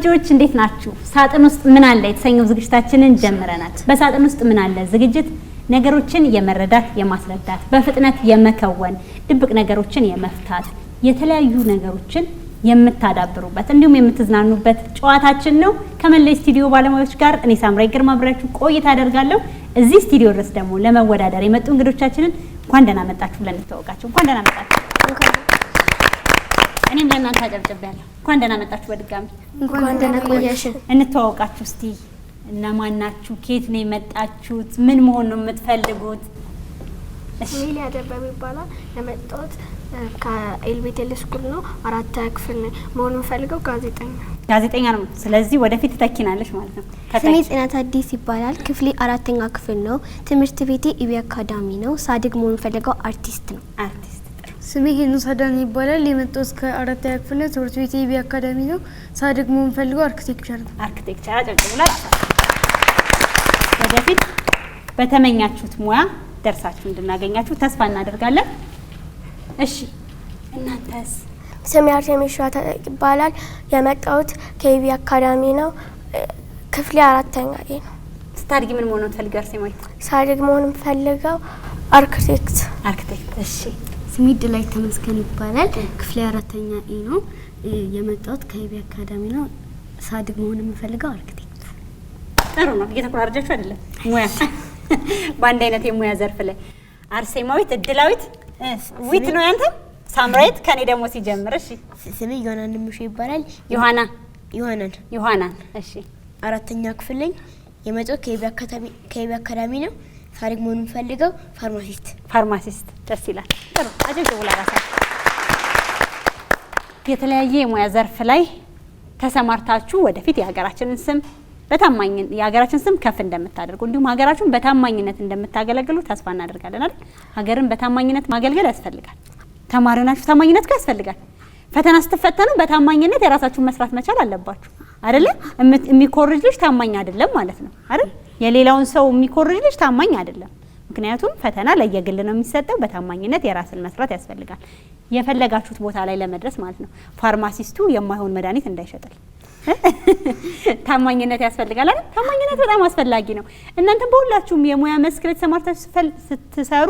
ልጆች እንዴት ናችሁ? ሳጥን ውስጥ ምን አለ የተሰኘው ዝግጅታችንን ጀምረናል። በሳጥን ውስጥ ምን አለ ዝግጅት ነገሮችን የመረዳት የማስረዳት፣ በፍጥነት የመከወን፣ ድብቅ ነገሮችን የመፍታት፣ የተለያዩ ነገሮችን የምታዳብሩበት እንዲሁም የምትዝናኑበት ጨዋታችን ነው። ከመለይ ስቱዲዮ ባለሙያዎች ጋር እኔ ሳምራይ ግርማ ብሬያችሁ ቆይታ አደርጋለሁ። እዚህ ስቱዲዮ ድረስ ደግሞ ለመወዳደር የመጡ እንግዶቻችንን እንኳን ደህና መጣችሁ ብለን እንተዋወቃቸው። እንኳን ደህና መጣችሁ። እኔ እንደናንተ አጨብጭቤያለሁ። እንኳን ደህና መጣችሁ በድጋሚ እንኳን ደህና ቆያችሁ። እንተዋወቃችሁ እስቲ እነማን ናችሁ? ኬት ነው የመጣችሁት? ምን መሆን ነው የምትፈልጉት? እሺ ሊያ ደበበ ይባላል። የመጣሁት ከኤልቤቴል ስኩል ነው። አራት ክፍል መሆን የምፈልገው ጋዜጠኛ ጋዜጠኛ ነው። ስለዚህ ወደፊት ትተኪናለሽ ማለት ነው። ስሜ ጽናት አዲስ ይባላል። ክፍሌ አራተኛ ክፍል ነው። ትምህርት ቤቴ ኢቢ አካዳሚ ነው። ሳድግ መሆን የምፈልገው አርቲስት ነው። አርቲስት ስሜ ሄኑ ሳዳን ይባላል። የመጣው እስከ አራተኛ ክፍል ትምህርት ቤት ኢቢ አካዳሚ ነው። ሳድግ መሆን የምፈልገው አርክቴክቸር ነው። አርክቴክቸር አጨብጭቡላል። ወደፊት በተመኛችሁት ሙያ ደርሳችሁ እንድናገኛችሁ ተስፋ እናደርጋለን። እሺ እናንተስ? ስሜ አርቴሚስ ሸዋታ ይባላል። የመጣሁት ከኢቢ አካዳሚ ነው። ክፍሌ አራተኛ ላይ ነው። ስታድጊ ምን መሆን ነው ትፈልጊው? አርሴማዊት ሳድግ መሆን የምፈልገው አርኪቴክት። አርኪቴክት እሺ ሚድ ላይ ተመስገን ይባላል። ክፍሌ አራተኛ ኢ ነው። የመጣሁት ከኢቢ አካዳሚ ነው። ሳድግ መሆን የምፈልገው አርክቴክት። ጥሩ ነው። እየተኮራረጃችሁ አይደለም ሙያ በአንድ አይነት የሙያ ዘርፍ ላይ አርሴማዊት፣ እድላዊት፣ ዊት ነው ያንተ ሳምራዊት። ከኔ ደግሞ ሲጀምር እሺ። ስሜ ዮሐና ንምሹ ይባላል። ዮሐና ዮሐናን ዮሐናን። እሺ አራተኛ ክፍል ላይ የመጣሁት ከኢቢ አካዳሚ ነው። ታሪክ መሆኑ የምፈልገው ፋርማሲስት ፋርማሲስት ደስ ይላል። ጥሩ አጀብ የተለያየ የሙያ ዘርፍ ላይ ተሰማርታችሁ ወደፊት የሀገራችንን ስም በታማኝ የሀገራችን ስም ከፍ እንደምታደርጉ እንዲሁም ሀገራችሁን በታማኝነት እንደምታገለግሉ ተስፋ እናደርጋለን አይደል? ሀገርን በታማኝነት ማገልገል ያስፈልጋል። ተማሪው ናችሁ፣ ታማኝነት ያስፈልጋል። ፈተና ስትፈተኑ በታማኝነት የራሳችሁን መስራት መቻል አለባችሁ አይደለ? የሚኮርጅ ልጅ ታማኝ አይደለም ማለት ነው አይደል? የሌላውን ሰው የሚኮርጅ ልጅ ታማኝ አይደለም። ምክንያቱም ፈተና ለየግል ነው የሚሰጠው። በታማኝነት የራስን መስራት ያስፈልጋል፣ የፈለጋችሁት ቦታ ላይ ለመድረስ ማለት ነው። ፋርማሲስቱ የማይሆን መድኃኒት እንዳይሸጥል ታማኝነት ያስፈልጋል አይደል? ታማኝነት በጣም አስፈላጊ ነው። እናንተም በሁላችሁም የሙያ መስክ ላይ ስትሰሩ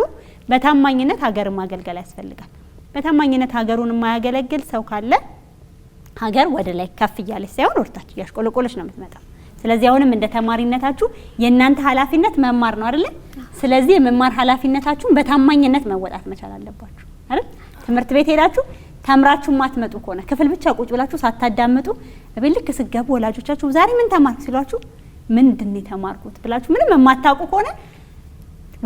በታማኝነት ሀገር ማገልገል ያስፈልጋል። በታማኝነት ሀገሩን የማያገለግል ሰው ካለ ሀገር ወደ ላይ ከፍ እያለች ሳይሆን ወርታች እያሽቆለቆለች ነው የምትመጣው። ስለዚህ አሁንም እንደ ተማሪነታችሁ የእናንተ ኃላፊነት መማር ነው አይደለ? ስለዚህ የመማር ኃላፊነታችሁን በታማኝነት መወጣት መቻል አለባችሁ አይደል? ትምህርት ቤት ሄዳችሁ ተምራችሁ ማትመጡ ከሆነ ክፍል ብቻ ቁጭ ብላችሁ ሳታዳምጡ እቤት ልክ ስገቡ ወላጆቻችሁ ዛሬ ምን ተማርክ ሲሏችሁ ምንድን የተማርኩት ብላችሁ ምንም የማታውቁ ከሆነ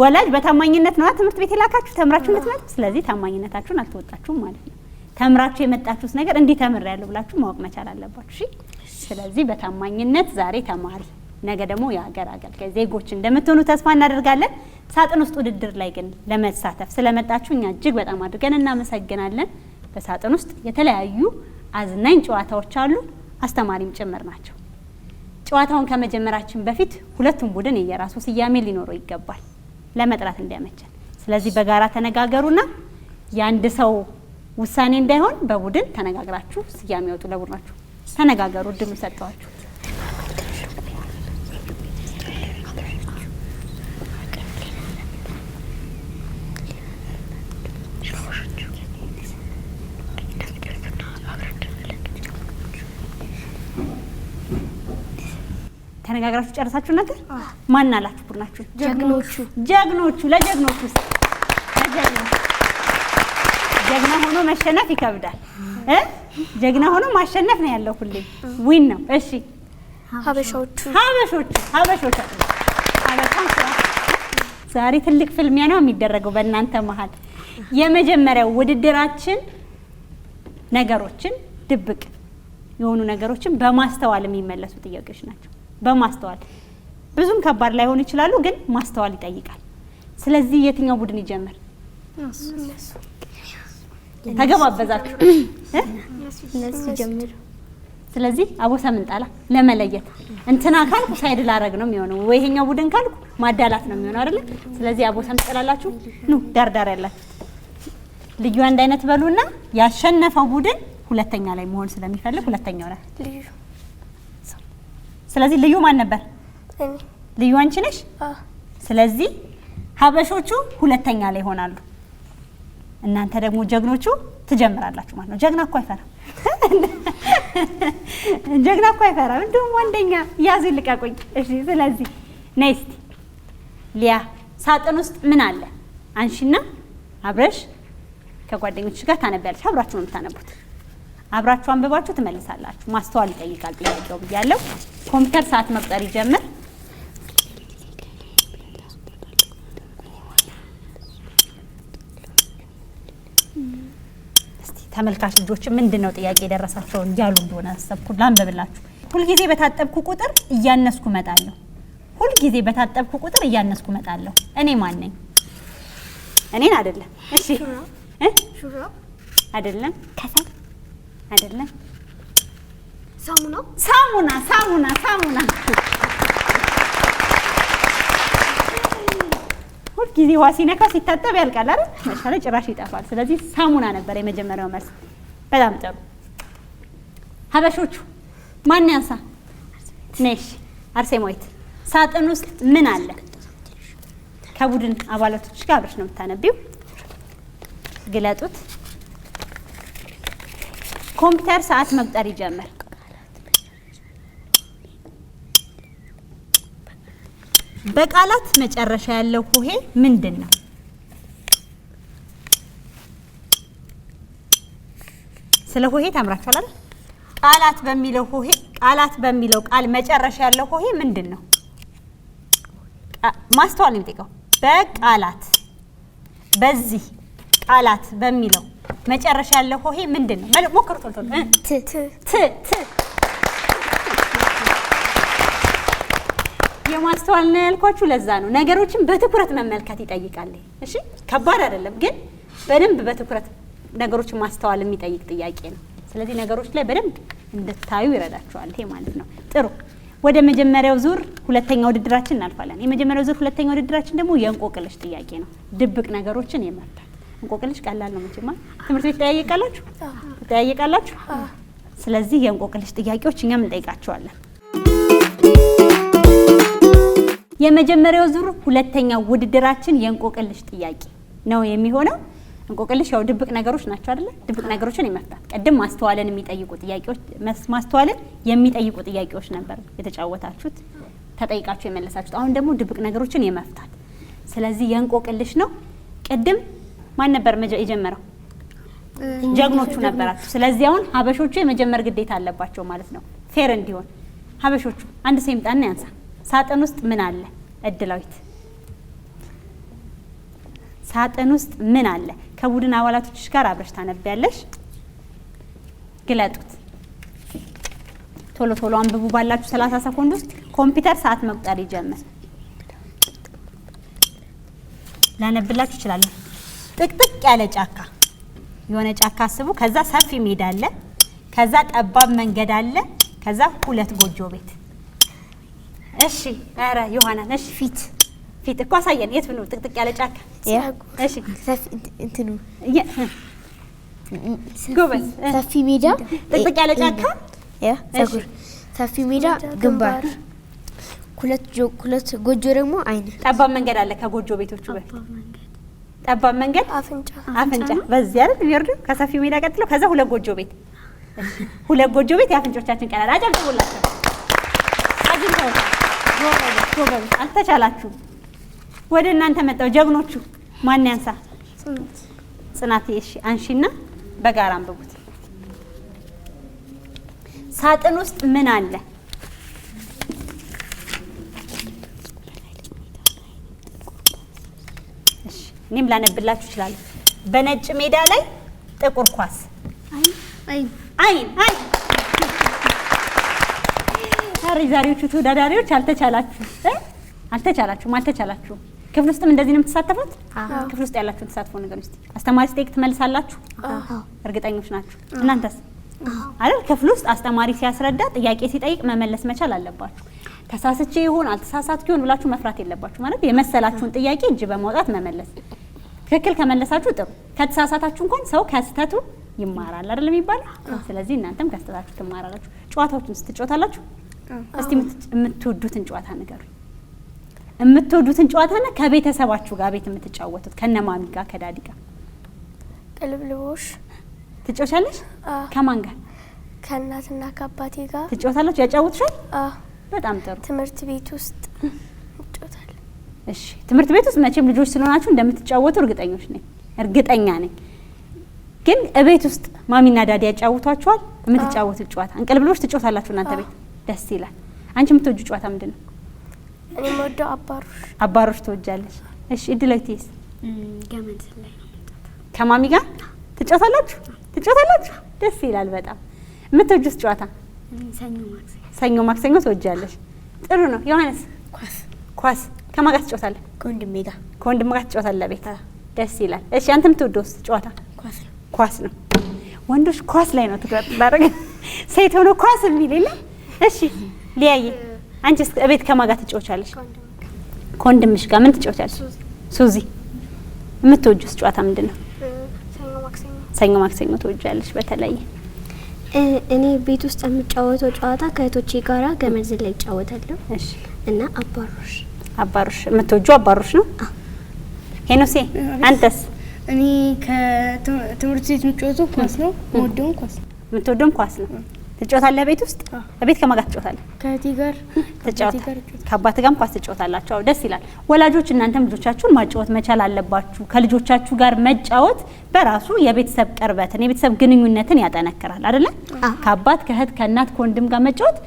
ወላጅ በታማኝነት ነዋ ትምህርት ቤት የላካችሁ ተምራችሁ እንድትመጡ። ስለዚህ ታማኝነታችሁን አልተወጣችሁም ማለት ነው። ተምራችሁ የመጣችሁት ነገር እንዲህ ያለው ብላችሁ ማወቅ መቻል አለባችሁ። እሺ ስለዚህ በታማኝነት ዛሬ ተማሪ ነገ ደግሞ የሀገር አገልጋይ ዜጎች እንደምትሆኑ ተስፋ እናደርጋለን። ሳጥን ውስጥ ውድድር ላይ ግን ለመሳተፍ ስለመጣችሁ እኛ እጅግ በጣም አድርገን እናመሰግናለን። በሳጥን ውስጥ የተለያዩ አዝናኝ ጨዋታዎች አሉ፣ አስተማሪም ጭምር ናቸው። ጨዋታውን ከመጀመራችን በፊት ሁለቱም ቡድን የየራሱ ስያሜ ሊኖረው ይገባል ለመጥራት እንዲያመቸን። ስለዚህ በጋራ ተነጋገሩና የአንድ ሰው ውሳኔ እንዳይሆን በቡድን ተነጋግራችሁ ስያሜ ያወጡ ለቡድናችሁ። ተነጋገሩ። እድሉ ሰጠዋችሁ። ተነጋግራችሁ ጨርሳችሁ ነገር ማን አላችሁ? ቡድናችሁ ጀግኖቹ ጀግኖቹ ለጀግኖቹ ለጀግኖቹ ሆኖ መሸነፍ ይከብዳል። ጀግና ሆኖ ማሸነፍ ነው ያለው። ሁሌ ዊን ነው። እሺ ሀበሾቹ ሀበሾቹ ሀበሾቹ ዛሬ ትልቅ ፍልሚያ ነው የሚደረገው በእናንተ መሀል። የመጀመሪያው ውድድራችን ነገሮችን ድብቅ የሆኑ ነገሮችን በማስተዋል የሚመለሱ ጥያቄዎች ናቸው። በማስተዋል ብዙም ከባድ ላይሆኑ ይችላሉ፣ ግን ማስተዋል ይጠይቃል። ስለዚህ የትኛው ቡድን ይጀምር? ተገባበዛችሁ ጀምሩ። ስለዚህ አቦሳ ምንጣላ ለመለየት እንትና ካልኩ ሳይድ ላረግ ነው የሚሆነው፣ ወይ ይሄኛው ቡድን ካልኩ ማዳላት ነው የሚሆነው አይደለ? ስለዚህ አቦሳ ምጥላላችሁ ኑ ዳርዳር ያላችሁ ልዩ አንድ አይነት በሉና ያሸነፈው ቡድን ሁለተኛ ላይ መሆን ስለሚፈልግ ሁለተኛው ላይ ስለዚህ ልዩ ማን ነበር? ልዩ አንቺ ነሽ። ስለዚህ ሀበሾቹ ሁለተኛ ላይ ይሆናሉ። እናንተ ደግሞ ጀግኖቹ ትጀምራላችሁ ማለት ነው። ጀግና እኮ አይፈራም፣ ጀግና እኮ አይፈራም። እንዲሁም ወንደኛ ያዙ ይልቀቁኝ። እሺ፣ ስለዚህ ነይ እስቲ ሊያ፣ ሳጥን ውስጥ ምን አለ አንሺና አብረሽ ከጓደኞች ጋር ታነቢያለሽ። አብራችሁ ነው የምታነቡት። አብራችሁ አንብባችሁ ትመልሳላችሁ። ማስተዋል ይጠይቃል ጥያቄው ብያለሁ። ኮምፒውተር ሰዓት መቁጠር ይጀምር። ተመልካች ልጆች ምንድን ነው ጥያቄ የደረሳቸውን እያሉ እንደሆነ አሰብኩ ላንብብላችሁ። ሁልጊዜ በታጠብኩ ቁጥር እያነስኩ እመጣለሁ። ሁልጊዜ በታጠብኩ ቁጥር እያነስኩ እመጣለሁ። እኔ ማን ነኝ? እኔን አይደለም። እሺ፣ አይደለም። ከሰል አይደለም። ሳሙና፣ ሳሙና፣ ሳሙና፣ ሳሙና ጊዜ ውሃ ሲነካ ሲታጠብ ያልቃል አይደል? ላይ ጭራሽ ይጠፋል። ስለዚህ ሳሙና ነበር የመጀመሪያው መልስ። በጣም ጥሩ ሀበሾቹ። ማን ያንሳ? ነሽ ሞይት ሳጥን ውስጥ ምን አለ? ከቡድን አባላቶች ጋር አብረሽ ነው የምታነቢው። ግለጡት። ኮምፒውተር ሰዓት መቁጠር ይጀምር። በቃላት መጨረሻ ያለው ሆሄ ምንድን ነው? ስለ ሆሄ ታምራችኋል አይደል? ቃላት በሚለው ሆሄ ቃላት በሚለው ቃል መጨረሻ ያለው ሆሄ ምንድን ነው? ማስተዋል ነው የሚጠይቀው። በቃላት በዚህ ቃላት በሚለው መጨረሻ ያለው ሆሄ ምንድን ነው? ሞክሩ ቶሎ ት ት ት ያለው ማስተዋል ነው ያልኳችሁ ለዛ ነው። ነገሮችን በትኩረት መመልከት ይጠይቃል። እሺ ከባድ አይደለም፣ ግን በደንብ በትኩረት ነገሮችን ማስተዋል የሚጠይቅ ጥያቄ ነው። ስለዚህ ነገሮች ላይ በደንብ እንድታዩ ይረዳችኋል። ይሄ ማለት ነው። ጥሩ ወደ መጀመሪያው ዙር ሁለተኛ ውድድራችን እናልፋለን። የመጀመሪያው ዙር ሁለተኛ ውድድራችን ደግሞ የእንቆቅልሽ ጥያቄ ነው። ድብቅ ነገሮችን ይመርታል። እንቆቅልሽ ቀላል ነው መቼማ። ትምህርት ቤት ተያየቃላችሁ ስለዚህ የእንቆቅልሽ ጥያቄዎች እኛም እንጠይቃቸዋለን። የመጀመሪያው ዙር ሁለተኛው ውድድራችን የእንቆቅልሽ ጥያቄ ነው የሚሆነው። እንቆቅልሽ ያው ድብቅ ነገሮች ናቸው አይደለ? ድብቅ ነገሮችን የመፍታት ቅድም ማስተዋልን የሚጠይቁ ጥያቄዎች ማስተዋልን የሚጠይቁ ጥያቄዎች ነበር የተጫወታችሁት፣ ተጠይቃችሁ የመለሳችሁት። አሁን ደግሞ ድብቅ ነገሮችን የመፍታት ስለዚህ የእንቆቅልሽ ነው። ቅድም ማን ነበር የጀመረው? ጀግኖቹ ነበራችሁ። ስለዚህ አሁን ሀበሾቹ የመጀመር ግዴታ አለባቸው ማለት ነው፣ ፌር እንዲሆን። ሀበሾቹ አንድ ሰው ይምጣና ያንሳ ሳጥን ውስጥ ምን አለ? እድላዊት ሳጥን ውስጥ ምን አለ? ከቡድን አባላቶች ጋር አብረሽ ታነቢያለሽ። ግለጡት ቶሎ ቶሎ አንብቡ። ባላችሁ 30 ሰኮንድ ውስጥ ኮምፒውተር ሰዓት መቁጠር ይጀምር። ላነብላችሁ እችላለሁ። ጥቅጥቅ ያለ ጫካ የሆነ ጫካ አስቡ። ከዛ ሰፊ ሜዳ አለ። ከዛ ጠባብ መንገድ አለ። ከዛ ሁለት ጎጆ ቤት እሺ፣ ኧረ ዮሐና ነሽ። ፊት ፊት እኮ አሳየን። የት ነው ጥቅጥቅ ያለ ጫካ? እሺ፣ ሰፊ እንትኑ ጎበዝ፣ ሰፊ ሜዳ፣ ጥቅጥቅ ያለ ጫካ፣ ፀጉር፣ ሰፊ ሜዳ፣ ግንባር፣ ሁለት ሁለት ጎጆ ደግሞ አይን። ጠባብ መንገድ አለ ከጎጆ ቤቶቹ በፊት ጠባብ መንገድ፣ አፍንጫ፣ አፍንጫ በዚህ አይደል የሚወርዱ ከሰፊ ሜዳ ቀጥሎ፣ ከዛ ሁለት ጎጆ ቤት፣ ሁለት ጎጆ ቤት የአፍንጮቻችን ቀዳዳ አጨብጭቡላቸው። ጎበዝ አልተቻላችሁም። ወደ እናንተ መጣው ጀግኖቹ። ማን ያንሳ? ጽናት እሺ፣ አንሺና በጋራ አንብቡት። ሳጥን ውስጥ ምን አለ? እሺ፣ እኔም ላነብላችሁ እችላለሁ። በነጭ ሜዳ ላይ ጥቁር ኳስ አይን አይን በስተቀር የዛሬዎቹ ተወዳዳሪዎች አልተቻላችሁ አልተቻላችሁም አልተቻላችሁም። ክፍል ውስጥም እንደዚህ ነው የምትሳተፉት? ክፍል ውስጥ ያላችሁን ተሳትፎ ነገር ውስጥ አስተማሪ ሲጠይቅ ትመልሳላችሁ? እርግጠኞች ናችሁ? እናንተስ አይደል? ክፍል ውስጥ አስተማሪ ሲያስረዳ ጥያቄ ሲጠይቅ መመለስ መቻል አለባችሁ። ተሳስቼ ይሆን አልተሳሳትኩ ይሆን ብላችሁ መፍራት የለባችሁ። ማለት የመሰላችሁን ጥያቄ እጅ በማውጣት መመለስ። ትክክል ከመለሳችሁ ጥሩ፣ ከተሳሳታችሁ እንኳን ሰው ከስተቱ ይማራል አይደል የሚባለው። ስለዚህ እናንተም ከስተታችሁ ትማራላችሁ። ጨዋታዎችን ስትጫወታላችሁ እስቲ የምትወዱትን ጨዋታ ንገሩኝ። የምትወዱትን ጨዋታና ከቤተሰባችሁ ጋር ቤት የምትጫወቱት ከነ ማሚ ጋር ከዳዲ ጋር ቅልብልቦሽ ትጫወቻለሽ? ከማን ጋር? ከእናትና ከአባቴ ጋር ትጫወታለች። ያጫውትሻል? በጣም ጥሩ። ትምህርት ቤት ውስጥ እንጫወታለን። እሺ፣ ትምህርት ቤት ውስጥ መቼም ልጆች ስለሆናችሁ እንደምትጫወቱ እርግጠኞች ነኝ እርግጠኛ ነኝ። ግን እቤት ውስጥ ማሚና ዳዲ ያጫውቷችኋል? የምትጫወቱት ጨዋታ እንቅልብሎች ትጫወታላችሁ እናንተ ቤት ደስ ይላል። አንቺ የምትወጁ ጨዋታ ምንድን ነው? እኔ የምወደው አባሮሽ። አባሮሽ ትወጃለሽ? እሺ። እድለይቴስ? ገመድ ዝላይ ነው። ከማሚ ጋር ትጫወታላችሁ? ትጫወታላችሁ? ደስ ይላል በጣም። የምትወጁስ ጨዋታ? ሰኞ ማክሰኞ። ሰኞ ማክሰኞ ትወጃለሽ? ጥሩ ነው። ዮሐንስ? ኳስ። ኳስ ከማን ጋር ትጫወታለህ? ከወንድሜ ጋር። ከወንድሜ ጋር ትጫወታለህ ቤት? ደስ ይላል። እሺ። አንተ የምትወደውስ ጨዋታ? ኳስ ኳስ ነው። ወንዶች ኳስ ላይ ነው ትኩረት ባደረገ ሴት ሆኖ ኳስ የሚል የለም እሺ ሊያዬ አንቺ እቤት ከማን ጋር ትጫወቻለሽ? ከወንድምሽ ጋር ምን ትጫወቻለሽ? ሱዚ የምትወጂው ጨዋታ ምንድን ነው? ሰኞ ማክሰኞ ትወጃለሽ? በተለይ እኔ ቤት ውስጥ የምጫወተው ጨዋታ ከእህቶቼ ጋራ ገመድ ዝላይ እጫወታለሁ እና አባሮሽ አባሮሽ የምትወጂው አባሮሽ ነው። ሄኖሴ አንተስ? እኔ ከትምህርት ቤት የምጫወተው ኳስ ነው። የምወደውም ኳስ ነው። የምትወደውም ኳስ ነው። ትጫወታለህ ቤት ውስጥ ቤት ከማን ጋር ትጫወታለህ? ከእህቴ ጋር ከአባት ጋርም ኳስ ትጫወታላችሁ። ደስ ይላል። ወላጆች እናንተም ልጆቻችሁን ማጫወት መቻል አለባችሁ። ከልጆቻችሁ ጋር መጫወት በራሱ የቤተሰብ ቅርበትን የቤተሰብ ግንኙነትን ያጠነክራል አይደለ? ከአባት ከእህት ከእናት ከወንድም ጋር መጫወት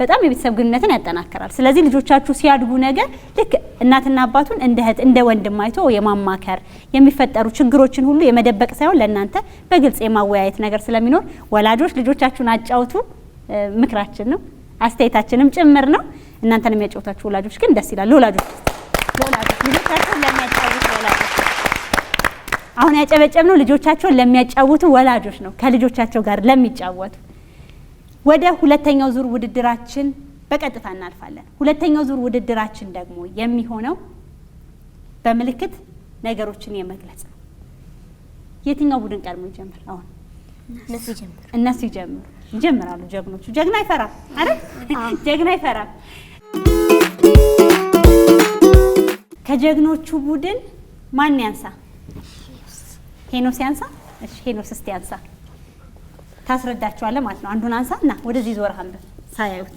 በጣም የቤተሰብ ግንኙነትን ያጠናክራል። ስለዚህ ልጆቻችሁ ሲያድጉ ነገር ልክ እናትና አባቱን እንደ እህት እንደ ወንድም አይቶ የማማከር የሚፈጠሩ ችግሮችን ሁሉ የመደበቅ ሳይሆን ለእናንተ በግልጽ የማወያየት ነገር ስለሚኖር ወላጆች ልጆቻችሁን አጫውቱ ምክራችን ነው፣ አስተያየታችንም ጭምር ነው። እናንተን የሚያጫውታችሁ ወላጆች ግን ደስ ይላል። ለወላጆች ልጆቻቸውን ለሚያጫውቱ ወላጆች አሁን ነው ልጆቻቸውን ለሚያጫውቱ ወላጆች ነው፣ ከልጆቻቸው ጋር ለሚጫወቱ ወደ ሁለተኛው ዙር ውድድራችን በቀጥታ እናልፋለን። ሁለተኛው ዙር ውድድራችን ደግሞ የሚሆነው በምልክት ነገሮችን የመግለጽ ነው። የትኛው ቡድን ቀድሞ ይጀምር? አሁን እነሱ ይጀምሩ። ይጀምራሉ ጀግኖቹ። ጀግና አይፈራም አረ ጀግና አይፈራም። ከጀግኖቹ ቡድን ማን ያንሳ? ሄኖስ ያንሳ? እሺ ሄኖስ እስቲ ያንሳ። ታስረዳቸዋለህ ማለት ነው። አንዱን አንሳ እና ወደዚህ ዞር አንብብ ሳያዩት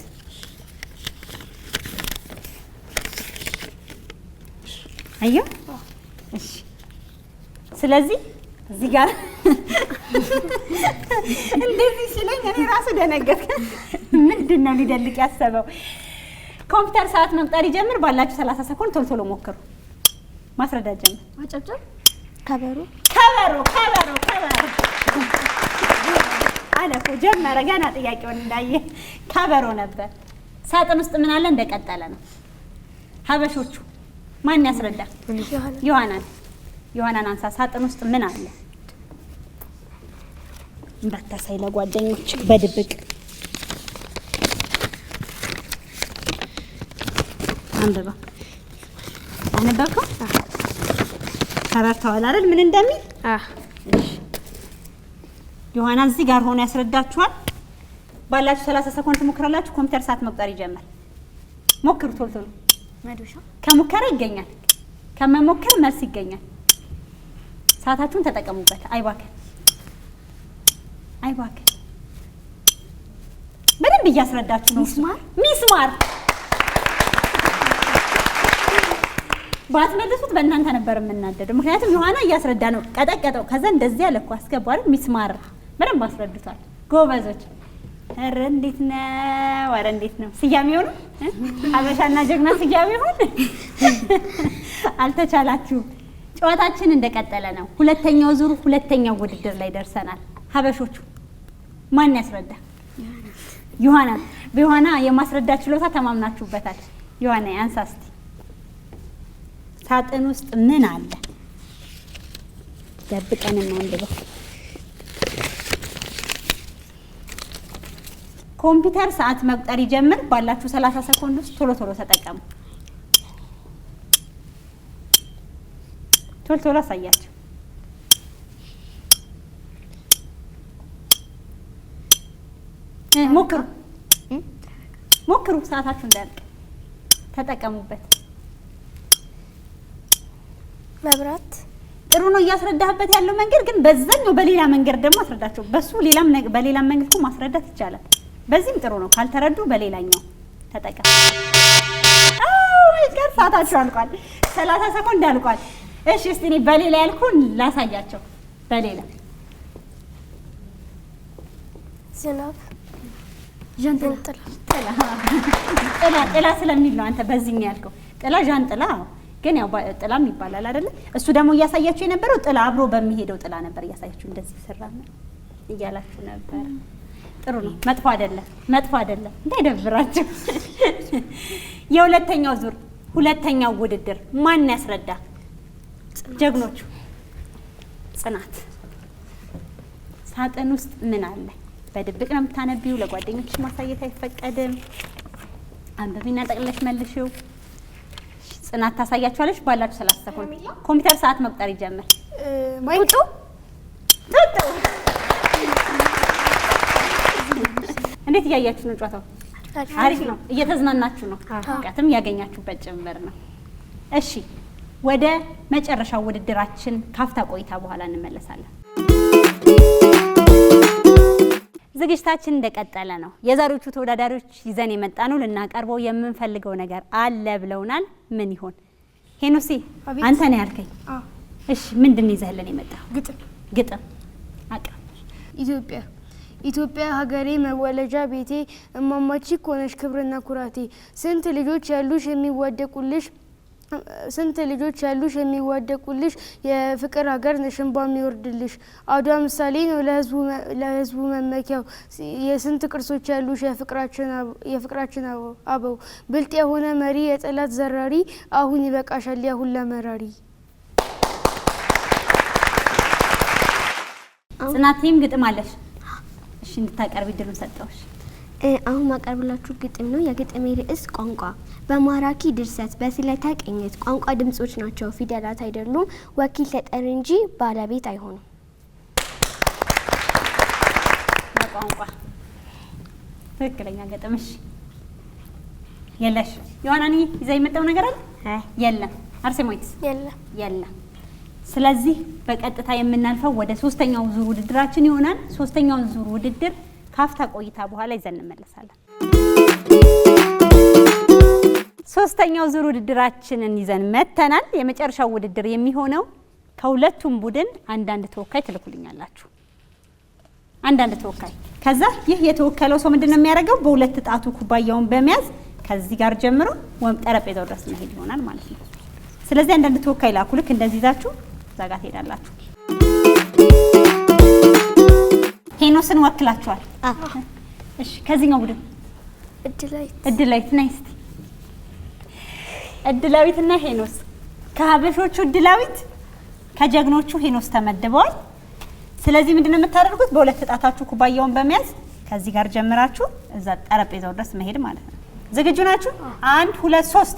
አዩ። እሺ፣ ስለዚህ እዚህ ጋር እንደዚህ ሲለኝ እኔ ራሱ ደነገጥ። ምንድን ነው ሊደልቅ ያሰበው? ኮምፒውተር ሰዓት መቁጠር ይጀምር። ባላችሁ 30 ሰኮንድ ቶሎ ቶሎ ሞክሩ። ማስረዳት ጀምር። አጨብጨብ። ከበሮ ከበሮ ከበሮ ከበሮ አለፉ ጀመረ። ገና ጥያቄውን እንዳየ ከበሮ ነበር። ሳጥን ውስጥ ምን አለ እንደቀጠለ ነው። ሀበሾቹ ማን ያስረዳ? ዮሐናን ዮሐናን አንሳ። ሳጥን ውስጥ ምን አለ እንዳታሳይ ለጓደኞች በድብቅ አንብባ አንበብከው ተረድተዋል አይደል? ምን እንደሚል ዮሐና እዚህ ጋር ሆኖ ያስረዳችኋል። ባላችሁ 30 ሰኮንድ ትሞክራላችሁ። ኮምፒውተር ሰዓት መቁጠር ይጀምራል። ሞክሩ ቶሎ ቶሎ። መዶሻ ከሙከራ ይገኛል፣ ከመሞከር መልስ ይገኛል። ሰዓታችሁን ተጠቀሙበት። አይባክን አይባክን። በደንብ እያስረዳችሁ ነው። ሚስማር ሚስማር ባትመልሱት በእናንተ ነበር የምናደደው። ምክንያቱም ዮሐና እያስረዳ ነው። ቀጠቀጠው። ከዛ እንደዚህ ያለኩ እኮ ሚስማር በደንብ አስረድቷል ጎበዞች። ኧረ እንዴት ነው? ኧረ እንዴት ነው? ስያሜ ሆነ ሀበሻና ጀግና ስያሜ ሆን አልተቻላችሁም። ጨዋታችን እንደቀጠለ ነው። ሁለተኛው ዙር ሁለተኛው ውድድር ላይ ደርሰናል። ሀበሾቹ ማን ያስረዳ? ዮሐና በዮሐና የማስረዳት ችሎታ ተማምናችሁበታል። ዮሐና አንሳ ሳጥን ውስጥ ምን አለ? ደብቀን እናንብበው። ኮምፒውተር ሰዓት መቁጠር ይጀምር። ባላችሁ 30 ሰኮንድ ውስጥ ቶሎ ቶሎ ተጠቀሙ። ቶሎ ቶሎ አሳያችሁ። ሞክሩ ሞክሩ፣ ሰዓታችሁ እንዳያልቅ ተጠቀሙበት። መብራት ጥሩ ነው እያስረዳህበት ያለው መንገድ ግን በዛኛው በሌላ መንገድ ደግሞ አስረዳቸው። በሱ ሌላም በሌላም መንገድ እኮ ማስረዳት ይቻላል። በዚህም ጥሩ ነው። ካልተረዱ በሌላኛው ተጠቀም። ጋር ሰዓታችሁ አልቋል። ሰላሳ ሰኮንድ አልቋል። እሺ እስቲ እኔ በሌላ ያልኩን ላሳያቸው። በሌላ ዝናብ ጥላ ጥላ ስለሚል ነው አንተ በዚህኛው ያልከው ጥላ ዣንጥላ ግን ያው ጥላም ይባላል አይደለ? እሱ ደግሞ እያሳያችሁ የነበረው ጥላ አብሮ በሚሄደው ጥላ ነበር እያሳያችሁ እንደዚህ ስራ እያላችሁ ነበር። ጥሩ ነው። መጥፎ አይደለም፣ መጥፎ አይደለም። እንዳይደብራቸው። የሁለተኛው ዙር ሁለተኛው ውድድር ማን ያስረዳ? ጀግኖቹ ጽናት ሳጥን ውስጥ ምን አለ? በድብቅ ነው የምታነቢው። ለጓደኞች ማሳየት አይፈቀድም። አንበቢና ጠቅለሽ መልሽው። ጽናት ታሳያችኋለች። ባላችሁ ሰላሳ ሰኮንድ ኮምፒውተር ሰዓት መቁጠር ይጀምር። ጡጡ ጡጡ እንዴት እያያችሁ ነው? ጨዋታው አሪፍ ነው። እየተዝናናችሁ ነው። እውቀትም ያገኛችሁበት ጭምር ነው። እሺ ወደ መጨረሻው ውድድራችን ካፍታ ቆይታ በኋላ እንመለሳለን። ዝግጅታችን እንደቀጠለ ነው። የዛሬዎቹ ተወዳዳሪዎች ይዘን የመጣ ነው ልናቀርበው የምንፈልገው ነገር አለ ብለውናል። ምን ይሆን? ሄኖሴ አንተ ነው ያልከኝ። እሺ ምንድን ይዘህልን የመጣ ግጥም? ግጥም አቅርብ። ኢትዮጵያ ኢትዮጵያ ሀገሬ መወለጃ ቤቴ እማማቺ ኮነሽ ክብርና ኩራቴ ስንት ልጆች ያሉሽ የሚዋደቁልሽ ስንት ልጆች ያሉሽ የሚዋደቁልሽ የፍቅር ሀገር ነሽ እንባ የሚወርድልሽ አድዋ ምሳሌ ነው ለህዝቡ መመኪያው የስንት ቅርሶች ያሉሽ የፍቅራችን አበው ብልጥ የሆነ መሪ የጠላት ዘራሪ አሁን ይበቃሻል ያሁን ለመራሪ። ጽናቴም ግጥም አለሽ እንድታቀርብ እድሉን ሰጠውሽ። አሁን ማቀርብላችሁ ግጥም ነው። የግጥሜ ርዕስ ቋንቋ። በማራኪ ድርሰት በስለተ ቅኝት ቋንቋ ድምጾች ናቸው፣ ፊደላት አይደሉም። ወኪል ተጠሪ እንጂ ባለቤት አይሆኑም። ቋንቋ ትክክለኛ ገጥምሽ የለሽ። ዮሐናኒ ይዛ የመጣው ነገር አለ የለም። አርሴሞይት የለም የለም ስለዚህ በቀጥታ የምናልፈው ወደ ሶስተኛው ዙር ውድድራችን ይሆናል። ሶስተኛውን ዙር ውድድር ካፍታ ቆይታ በኋላ ይዘን እንመለሳለን። ሶስተኛው ዙር ውድድራችንን ይዘን መተናል። የመጨረሻው ውድድር የሚሆነው ከሁለቱም ቡድን አንዳንድ ተወካይ ትልኩልኛላችሁ። አንዳንድ ተወካይ ከዛ ይህ የተወከለው ሰው ምንድን ነው የሚያደርገው? በሁለት ጣቱ ኩባያውን በመያዝ ከዚህ ጋር ጀምሮ ወይም ጠረጴዛው ድረስ መሄድ ይሆናል ማለት ነው። ስለዚህ አንዳንድ ተወካይ ላኩ። ልክ እንደዚህ ይዛችሁ እዛ ጋር ትሄዳላችሁ። ሄኖስን ወክላችኋል። እሺ፣ ከዚህኛው ቡድን እድላዊት ነይ እስኪ። እድላዊት እና ሄኖስ ከሀበሾቹ እድላዊት ከጀግኖቹ ሄኖስ ተመድበዋል። ስለዚህ ምንድነው የምታደርጉት? በሁለት እጣታችሁ ኩባያውን በመያዝ ከዚህ ጋር ጀምራችሁ እዛ ጠረጴዛው ድረስ መሄድ ማለት ነው። ዝግጁ ናችሁ? አንድ ሁለት ሶስት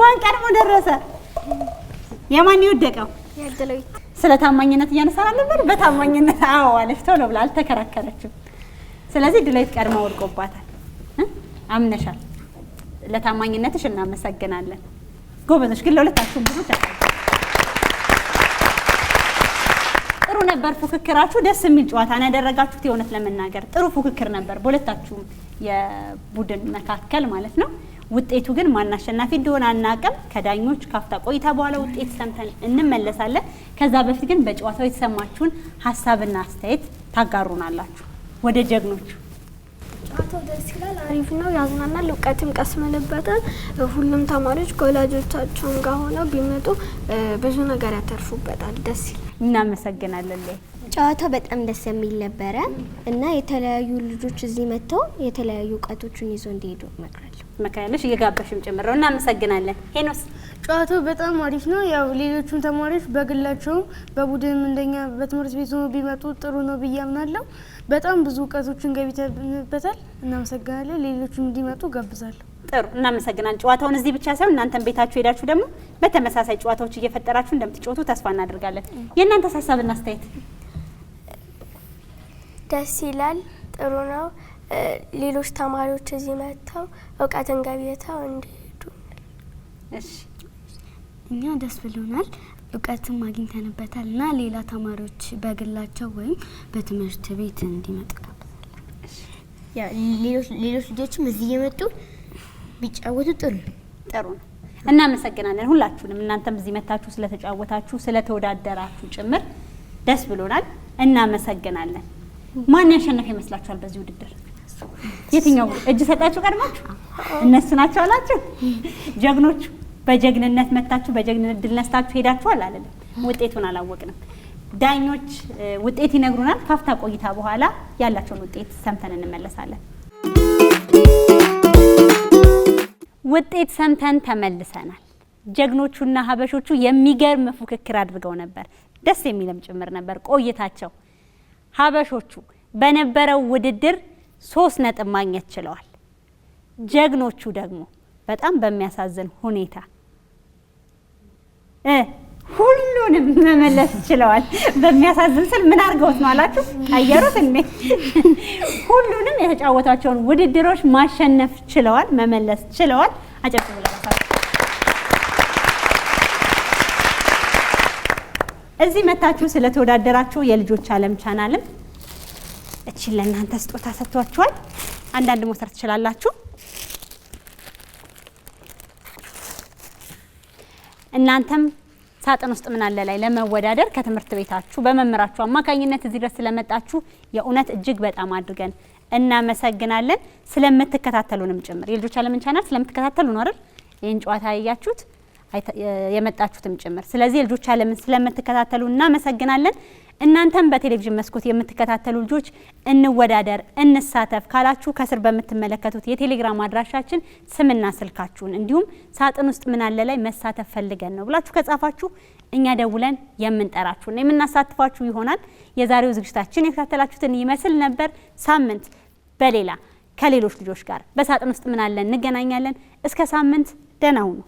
ማን ቀድሞ ደረሰ? የማን ይወደቀው ስለ ታማኝነት እያነሳን ነበር። በታማኝነት አዎ ቶሎ ብላ አልተከራከረችም። ስለዚህ ድሌት ቀድማ ወድቆባታል። አምነሻል። ለታማኝነትሽ እናመሰግናለን። ጎበዞች ግን ለሁለታችሁም ብዙ ጥሩ ነበር ፉክክራችሁ። ደስ የሚል ጨዋታ ነው ያደረጋችሁት። የእውነት ለመናገር ጥሩ ፉክክር ነበር በሁለታችሁም የቡድን መካከል ማለት ነው። ውጤቱ ግን ማን አሸናፊ እንደሆነ አናቅም። ከዳኞች ካፍታ ቆይታ በኋላ ውጤት ሰምተን እንመለሳለን። ከዛ በፊት ግን በጨዋታው የተሰማችሁን ሀሳብና አስተያየት ታጋሩናላችሁ። ወደ ጀግኖቹ ጨዋታው ደስ ይላል፣ አሪፍ ነው፣ ያዝናናል፣ እውቀትም ቀስመንበታል። ሁሉም ተማሪዎች ከወላጆቻቸውን ጋር ሆነው ቢመጡ ብዙ ነገር ያተርፉበታል። ደስ ይላል። እናመሰግናለን። ጨዋታው በጣም ደስ የሚል ነበረ እና የተለያዩ ልጆች እዚህ መጥተው የተለያዩ እውቀቶችን ይዞ እንዲሄዱ እመክራለሁ። መካያለሽ እየጋበሽም ጭምር ነው። እናመሰግናለን ሄኖስ። ጨዋታው በጣም አሪፍ ነው። ያው ሌሎቹም ተማሪዎች በግላቸውም በቡድንም እንደኛ በትምህርት ቤት ሆኖ ቢመጡ ጥሩ ነው ብዬ አምናለሁ። በጣም ብዙ እውቀቶችን ገቢተንበታል። እናመሰግናለን። ሌሎቹም እንዲመጡ ጋብዛለሁ። ጥሩ እናመሰግናለን። ጨዋታውን እዚህ ብቻ ሳይሆን እናንተን ቤታችሁ ሄዳችሁ ደግሞ በተመሳሳይ ጨዋታዎች እየፈጠራችሁ እንደምትጫወቱ ተስፋ እናደርጋለን። የእናንተ ሀሳብና አስተያየት ደስ ይላል። ጥሩ ነው። ሌሎች ተማሪዎች እዚህ መጥተው እውቀትን ገብተው እንዲሄዱ። እኛ ደስ ብሎናል፣ እውቀትም አግኝተንበታል እና ሌላ ተማሪዎች በግላቸው ወይም በትምህርት ቤት እንዲመጡ ሌሎች ልጆችም እዚህ እየመጡ ቢጫወቱ ጥሩ ጥሩ ነው። እናመሰግናለን ሁላችሁንም፣ እናንተም እዚህ መታችሁ ስለተጫወታችሁ ስለተወዳደራችሁ ጭምር ደስ ብሎናል። እናመሰግናለን። ማን ያሸነፈ ይመስላችኋል በዚህ ውድድር? የትኛው እጅ ሰጣችሁ ቀድማችሁ? እነሱ ናቸው አላችሁ። ጀግኖቹ በጀግንነት መታችሁ፣ በጀግንነት ድል ነስታችሁ ሄዳችኋል። አላለም ውጤቱን አላወቅንም። ዳኞች ውጤት ይነግሩናል። ካፍታ ቆይታ በኋላ ያላቸውን ውጤት ሰምተን እንመለሳለን። ውጤት ሰምተን ተመልሰናል። ጀግኖቹና ሀበሾቹ የሚገርም ፉክክር አድርገው ነበር። ደስ የሚልም ጭምር ነበር ቆይታቸው። ሀበሾቹ በነበረው ውድድር ሶስት ነጥብ ማግኘት ችለዋል። ጀግኖቹ ደግሞ በጣም በሚያሳዝን ሁኔታ ሁሉንም መመለስ ችለዋል። በሚያሳዝን ስል ምን አድርገውት ነው አላችሁ? ቀየሩት እንዴ? ሁሉንም የተጫወቷቸውን ውድድሮች ማሸነፍ ችለዋል፣ መመለስ ችለዋል። አጨብጭቡ እዚህ መታችሁ ስለተወዳደራችሁ የልጆች አለም ቻናልም እችን ለእናንተ ስጦታ ሰጥቷችኋል። አንዳንድ ሞተር ትችላላችሁ። እናንተም ሳጥን ውስጥ ምን አለ ላይ ለመወዳደር ከትምህርት ቤታችሁ በመምህራችሁ አማካኝነት እዚህ ድረስ ስለመጣችሁ የእውነት እጅግ በጣም አድርገን እናመሰግናለን። ስለምትከታተሉንም ጭምር የልጆች ዓለምን ቻናል ስለምትከታተሉ ነው አይደል ይህን ጨዋታ ያያችሁት የመጣችሁትም ጭምር። ስለዚህ የልጆች ዓለምን ስለምትከታተሉ እናመሰግናለን። እናንተም በቴሌቪዥን መስኮት የምትከታተሉ ልጆች እንወዳደር፣ እንሳተፍ ካላችሁ ከስር በምትመለከቱት የቴሌግራም አድራሻችን ስምና ስልካችሁን እንዲሁም ሳጥን ውስጥ ምናለ ላይ መሳተፍ ፈልገን ነው ብላችሁ ከጻፋችሁ እኛ ደውለን የምንጠራችሁና የምናሳትፋችሁ ይሆናል። የዛሬው ዝግጅታችን የከታተላችሁትን ይመስል ነበር። ሳምንት በሌላ ከሌሎች ልጆች ጋር በሳጥን ውስጥ አለ እንገናኛለን። እስከ ሳምንት ደህና ሁኑ።